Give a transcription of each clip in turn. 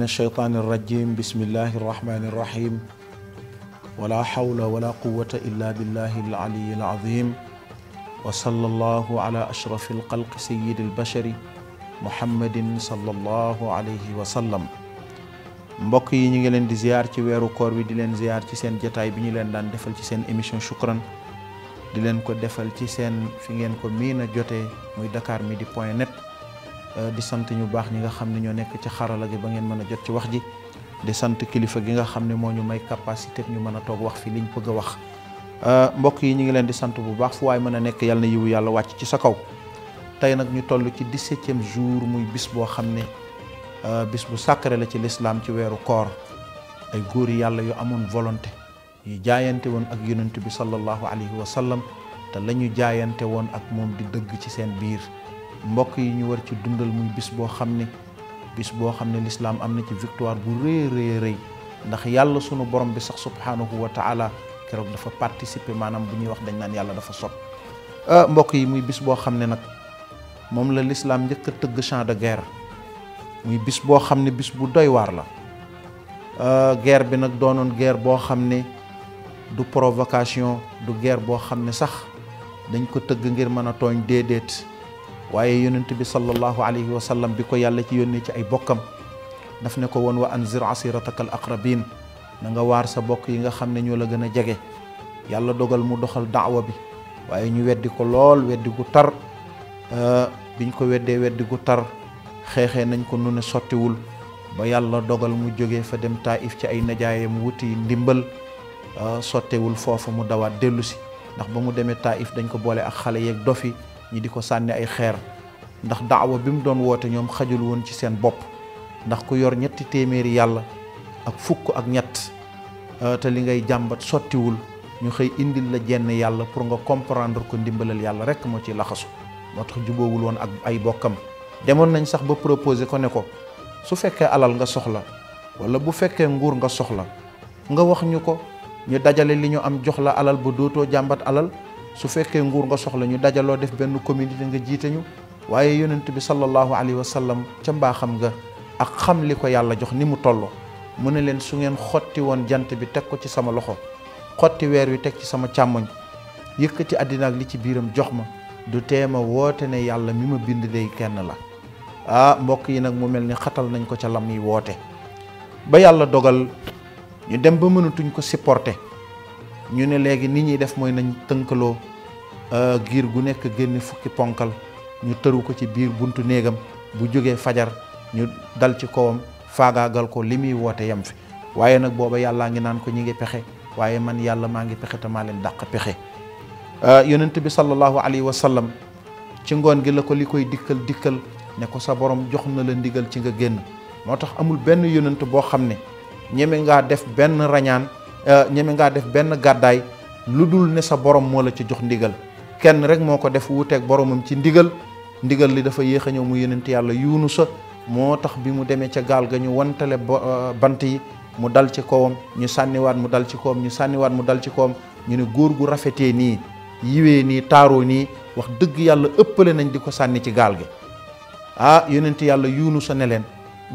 min alsheytaan alrajim bismillahi arrahmani irrahim wala hawla wala quwata illa billahi alaliyi alazim wa salla allahu ala ashrafi alxalqi sayidi albashari muhammadin sallallahu alayhi wa sallam mbokk yi ñu ngi leen di ziar ci weeru koor bi di leen ziar ci seen jataay bi ñu leen daan defal ci seen émission Shukran di leen ko defal ci seen fi ngeen ko miin a jotee muy dakar midi point net Euh, di sant ñu baax ñi nga xam ne ñoo nekk ci xarala gi ba ngeen mën a jot ci wax ji di sant kilifa gi nga xam ne moo ñu may capacité ñu mën a toog wax fi liñ bëgg a wax euh, mbokk yi ñu ngi leen di sant bu baax fu waay mën a nekk yàlla na yiwu yàlla wàcc ci sa kaw tey nag ñu toll ci dix-septième jour muy bis boo xam ne euh, bis bu sacré la ci lislaam ci weeru koor ay góor yàlla yu amoon volonté yu jaayante woon ak yonent bi sallallahu alayhi wa sallam te la ñu jaayante woon ak moom di dëgg ci seen biir mbokk yi ñu war ci dundal muy bis boo xam ne bis boo xam ne lislaam am na ci victoire bu rëy rëy rëy ndax yàlla sunu borom bi sax subhaanahu wa taala keroog dafa participer maanaam bu ñuy wax dañ naan yàlla dafa sob ah, mbokk yi muy bis boo xam ne nag moom la lislaam njëkk a tëgg champ de guerre muy bis boo xam ne bis bu doy waar la ah, guerre bi nag doonoon guerre boo xam ne du provocation du guerre boo xam ne sax dañ ko tëgg ngir mën a tooñ déedéet waaye yonent bi sallallahu alayhi wa sallam bi ko yàlla ci yónnee ci ay bokkam daf ne ko woon wa an anzir asiratakal aqrabin na nga waar sa bokk yi nga xam ne ñoo la gën a jege yàlla dogal mu doxal daawa bi waaye ñu weddi ko lool weddi gu tar euh, biñ ko weddee weddi gu tar xeexee nañ ko nu ne sottiwul ba yàlla dogal mu jóge fa dem taif ci ay mu wuti ndimbal euh, sottewul foofu mu dawaat dellu si ndax ba mu demee taif dañ ko boole ak xale yeeg dofi ñi di ko sànni ay xeer ndax daawa bi mu doon woote ñoom xajul woon ci seen bopp ndax ku yor ñetti téeméeri yàlla ak fukk ak ñett euh, te li ngay jàmbat sottiwul ñu xëy indil la jenn yàlla pour nga comprendre ko ndimbalal yàlla rek moo ci laxasu moo tax juboowul woon ak ay bokkam demoon nañ sax ba proposé ko ne ko su fekkee alal nga soxla wala bu fekkee nguur nga soxla nga wax ñu ko ñu dajale li ñu am jox la alal ba dootoo jàmbat alal su fekkee nguur nga soxla ñu dajaloo def benn communauté nga jiite ñu waaye yonent bi sallallahu alayhi wa sallam ca mbaaxam nga ak xam li ko yàlla jox ni mu toll mu ne leen su ngeen xotti woon jant bi teg ko ci sama loxo xotti weer wi teg ci sama càmmoñ yëkkati àddina ak li ci biiram jox ma du teema woote ne yàlla mi ma bind day kenn la ah mbokk yi nag mu mel ni xatal nañ ko ca lam yi woote ba yàlla dogal ñu dem ba mënatuñ ko supporter ñu ne léegi nit ñuy def mooy nañ tënkaloo euh, giir gu nekk génn fukki ponkal ñu tëru ko ci biir buntu néegam bu jógee fajar ñu dal ci kowam faagaagal ko li muy woote yem fi waaye nag booba yàllaa ngi naan ko ñi ngi pexe waaye man yàlla maa ngi pexe te maa leen dàq pexe euh, yonent bi sallallahu alayhi wa sallam ci ngoon gi la ko li koy dikkal dikkal ne ko sa borom jox na la ndigal ci nga génn moo tax amul benn yonent boo xam ne ñeme ngaa def benn rañaan Euh, ñeme ngaa def benn gàddaay lu dul ne sa borom moo la ca jox ndigal kenn rek moo ko def wuuteeg boromam ci ndigal ndigal li dafa yéex a ñëw mu yonent yàlla sa moo tax bi mu demee ca gaal ga ñu wantale euh, bant yi mu dal ci kawam ñu sànniwaat mu dal ci kawam ñu sànniwaat mu dal ci kawam ñu ne góor gu rafetee nii yiwee nii taaroo nii wax dëgg yàlla ëppale nañ di ko sànni ci gaal gi ah yonent yàlla yuunu ne leen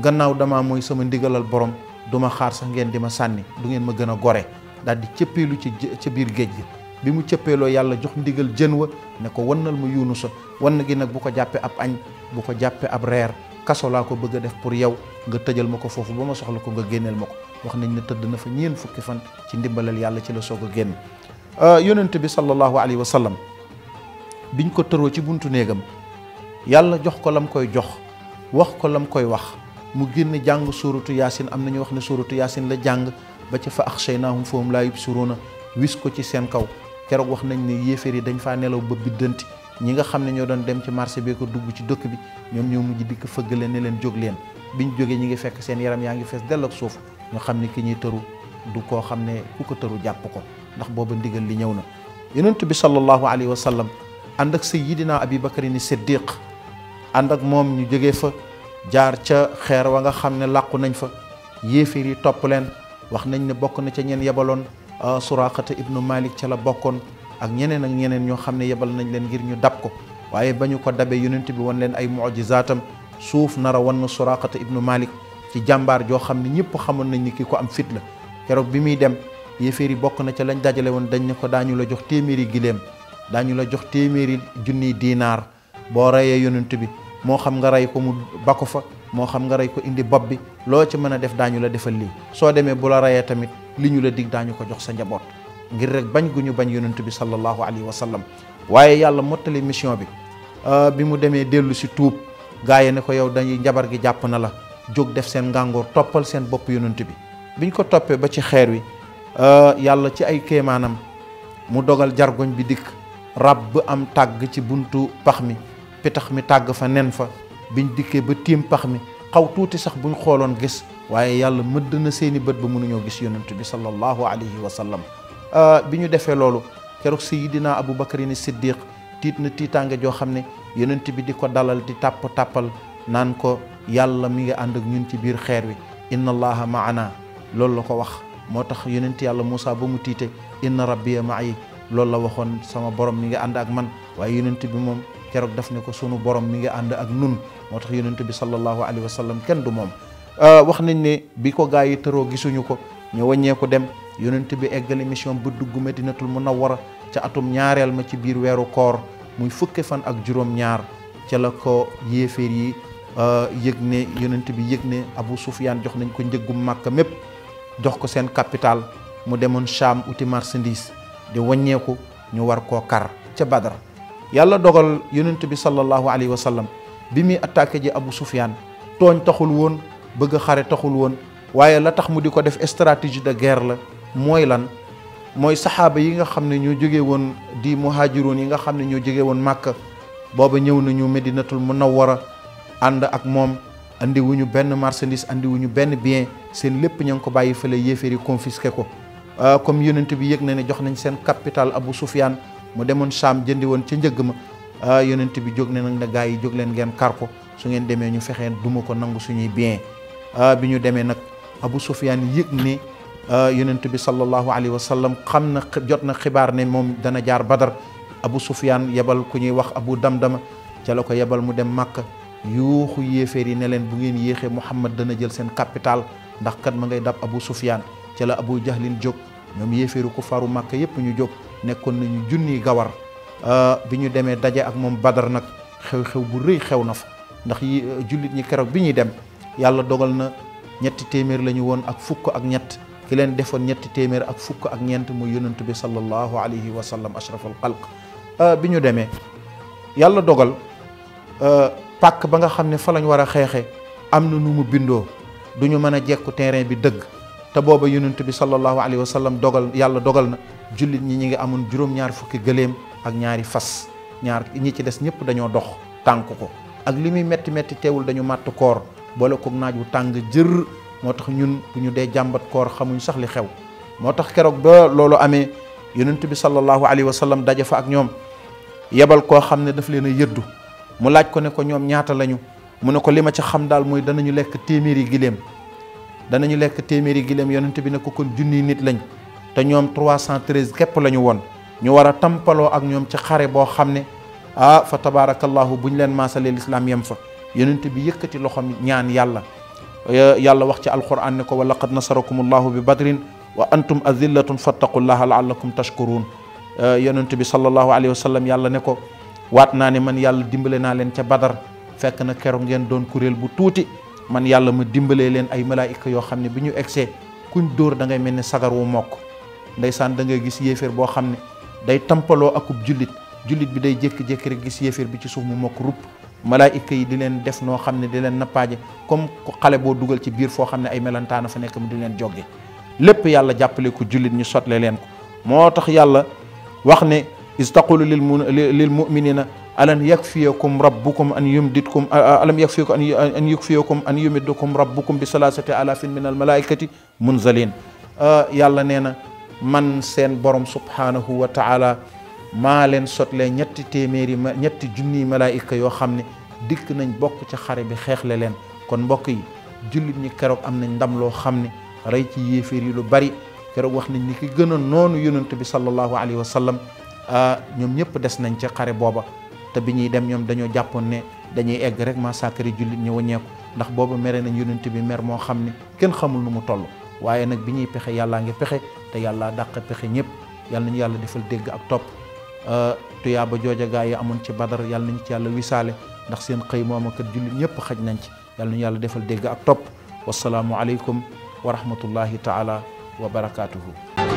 gannaaw damaa mooy sama ndigalal borom du ma xaar sax ngeen di ma sànni du ngeen ma gën a gore daal di cëppeelu ci ca biir géej gi bi mu cëppeeloo yàlla jox ndigal jën wa ne ko wannal ma yunusa wann gi nag bu ko jàppee ab añ bu ko jàppee ab reer kaso laa ko bëgg a def pour yow nga tëjal ma ko foofu ba ma soxla ko nga génneel ma ko wax nañ ne tëdd na fa ñeen fukki fan ci ndimbalal yàlla ci la soog a génn euh, yonent bi sallallahu alayhi wa sallam biñ ko tëroo ci buntu néegam yàlla jox ko lam koy jox wax ko lam koy wax mu génn jàng suuratu yaasin am na ñu wax ne suuratu yaasin la jàng ba ca fa axsaynaahum fahum laa yubsiruuna wis ko ci seen kaw keroog wax nañ ne yéeféer yi dañ faa nelaw ba biddanti ñi nga xam ne ñoo doon dem ci marché bee ko dugg ci dëkk bi ñoom ñoo mujj dikk fëggale ne leen jóg leen ñu jógee ñi ngi fekk seen yaram yaa ngi fees dell ak suuf ñu xam ne ki ñuy tëru du koo xam ne ku ko tëru jàpp ko ndax booba ndigal li ñëw na yonent bi sallallahu alayhi wa sallam ànd ak sayyidina abi bakarin siddiq ànd ak moom ñu jógee fa jaar ca xeer wa nga xam ne làqu nañ fa yéeféer yi topp leen wax nañ ne bokk na ca ñeen yebaloon suraqata ibnu malik ca la bokkoon ak ñeneen ak ñeneen ñoo xam ne yebal nañ leen ngir ñu dab ko waaye ba ñu ko dabee yonent bi wan leen ay mujizaatam suuf nara a wan na suraqata ibnu malik ci jàmbaar joo xam ne ñëpp xamoon nañ ni ki ko am fit la keroog bi muy dem yéeféer yi bokk na ca lañ dajale woon dañ ne ko daañu la jox téeméeri giléem daañu la jox téeméeri junniy diinaar boo reyee yonent bi moo xam nga rey ko mu ba ko fa moo xam nga rey ko indi bopp bi loo ci mën a def daañu la defal lii soo demee bu la reyee tamit li ñu la dig daañu ko jox sa njaboot ngir rek bañ gu ñu bañ yonent bi sallallahu alayhi wa sallam waaye yàlla mottali mission bi euh, bi mu demee dellu si tuub gaa yi ne ko yow dañuy njabar gi jàpp na la jóg def seen ngàngoor toppal seen bopp yonent bi biñ ko toppee ba ci xeer wi euh, yàlla ci ay kéemaanam mu dogal jargoñ bi dikk rab am tàgg ci buntu pax mi pitax mi tàgg fa nen fa biñ dikkee ba tiim pax mi xaw tuuti sax buñ xooloon gis waaye yàlla mëdd na seeni bët ba mënuñoo gis yonent bi sallallahu alayhi wa sallam euh, bi ñu defee loolu keroog sayidina Abu Bakrin Siddiq tiit na tiitaange joo xam ne yonent bi di ko dalal di tàpp tàppal naan ko yàlla mi ngi ànd ak ñun ci biir xeer wi inna allaha maana loolu la ko wax moo tax yonent yàlla Moussa ba mu tiite inna ma ay loolu la waxoon sama borom mi ngi ànd ak man keroog daf ne ko sunu borom mi ngi ànd ak nun moo tax yonent bi sallallahu alayhi wa sallam kenn du moom euh, wax nañ ne bi ko gaa yi tëroo gisuñu ko ñu wàññee dem yonent bi eggali mission ba dugg dinatul madinatul munawwara ca atum ñaareel ma ci biir weeru koor muy fukki fan ak juróom-ñaar ca la ko yéeféer yi euh, yëg ne yonent bi yëg ne Abu Sufyaan jox nañ ko njëggum màkk mépp jox ko seen capital mu demoon Cham uti marchandise di wàññeeku ñu war koo kar ca Badar yàlla dogal yonent bi sallallahu alayhi wa sallam bi muy attaqué ji Abu Sufyaan tooñ taxul woon bëgg xare taxul woon waaye la tax mu di ko def stratégie de guerre la mooy lan mooy saxaaba yi nga xam ne ñoo jóge woon di muhaajiroon yi nga xam ne ñoo jóge woon Màkka booba ñëw nañu Medinatul Munawwara ànd ak moom andi wu ñu benn marchandise andi wu ñu benn bien seen lépp ña ngi ko bàyyi fële yéeféeri confisqué ko euh, comme yonent bi yëg na ne jox nañ seen capital Abu Sufyaan mu demoon saam jëndi woon ca njëgg ma ah yonent bi jóg ne nag na gaa yi jóg leen ngeen kar ko su ngeen demee ñu fexee duma ko nangu suñuy bien ah bi ñu demee nag Abu Sufyaan yëg ne ah, yonent bi sallallahu alayhi wa xam na jot na xibaar ne moom dana jaar Badar Abu Sufyaan yebal ku ñuy wax Abu Damdama ca la ko yebal mu dem Màkka yuuxu yéeféer yi ne leen bu ngeen yéexee Muhammad dana jël seen capital ndax kat ma ngay dab Abu Sufyaan ca la Abu Jahlin jóg ñoom yéeféeru ku faru Màkka yépp ñu jóg nekkoon nañu junniy gawar euh, bi ñu demee daje ak moom badar nag xew-xew bu rëy xew na fa ndax yi euh, jullit ñi keroog bi ñuy dem yàlla dogal na ñetti téeméer la ñu woon ak fukk ak ñett ki leen defoon ñetti téeméer ak fukk ak ñeent muy yonent bi sallallahu alayhi wa sallam ashraful xalq euh, bi ñu demee yàlla dogal pàkk ba nga xam ne fa lañ war a xeexee am na nu mu bindoo du ñu mën a jekku terrain bi dëgg te booba yonent bi sallallahu alayhi wa sallam dogal yàlla dogal na jullit ñi ñu ngi amoon juróom-ñaar fukki gëléem ak ñaari fas ñaar ñi ci des ñëpp dañoo dox tànk ko ak li muy metti métti teewul dañu màtt koor boole kook naaj wu tàng jër moo tax ñun bu ñu dee jàmbat koor xamuñ sax li xew moo tax keroog ba loolu amee yonent bi sallallahu alayhi wa sallam daje fa ak ñoom yebal koo xam ne daf leen a yëddu mu laaj ko ne ko ñoom ñaata lañu mu ne ko li ma ca xam daal mooy danañu lekk téeméeri giléem danañu lekk téeméeri gileem yonent bi ne ko kon junniy nit lañ te ñoom 313 képp la ñu woon ñu war a tampaloo ak ñoom ci xare boo xam ne ah fa tabaarakallahu bu ñu leen maasalee lislaam yem fa yonent bi yëkkati loxo ñaan yàlla yàlla wax ci alquran ne ko wa laqad nasarakumullahu bi badrin wa antum azillatun fattaqullaha laallakum tashkurun yonent bi sallallahu alayhi wa sallam yàlla ne ko waat naa ne man yàlla dimbale naa leen ca badar fekk na keroog ngeen doon kuréel bu tuuti man yàlla ma dimbalee leen ay malaayika yoo xam ne bi ñu egsee kuñ dóor da ngay mel ne sagar wu mokk ndeysaan da ngay gis yéeféer boo xam ne day tampaloo akub jullit jullit bi day jékki-jékki gis yéeféer bi ci suuf mu mokk rupp malaayika yi di leen def noo xam ne di leen nappaaje comme xale boo dugal ci biir foo xam ne ay melantaana fa nekk mu di leen jogge lépp yàlla jàppale ko jullit ñu sotle leen ko moo tax yàlla wax ne istaqulu lil muminina alam yakfiyakum rabbukum an yumditkum alam yakfiyakum an yakfiyakum an yumiddukum rabbukum bi salaasati alafin min al malaikati munzalin yàlla nee na man seen borom subhanahu wa taala maa leen sotle ñetti téeméeri ma ñetti junniy malaayika yoo xam ne dikk nañ bokk ci xare bi xeexle leen kon mbokk yi jullit ñi keroog am nañ ndam loo xam ne rey ci yéeféer yi lu bari keroog wax nañ ni ki gën noonu yonent bi sallallahu alayhi wa sallam ñoom ñëpp des nañ ci xare booba te bi ñuy dem ñoom dañoo jàppoon ne dañuy egg rek massacre jullit ñi wàññeeku ndax boobu mere nañ yu yonent bi mer moo xam ne kenn xamul nu mu toll waaye nag bi ñuy pexe yàllaa ngi pexe te yàllaa dàq pexe ñëpp yal nañu yàlla defal dégg ak topp euh, tuyaaba jooja gaa yi amoon ci badar yàlla nañu ci yàlla wisaale ndax seen xëy moom ak jullit ñëpp xaj nañ ci yàlla nañu yàlla defal dégg ak topp wasalaamualeykum wa rahmatullahi taala wa barakaatuhu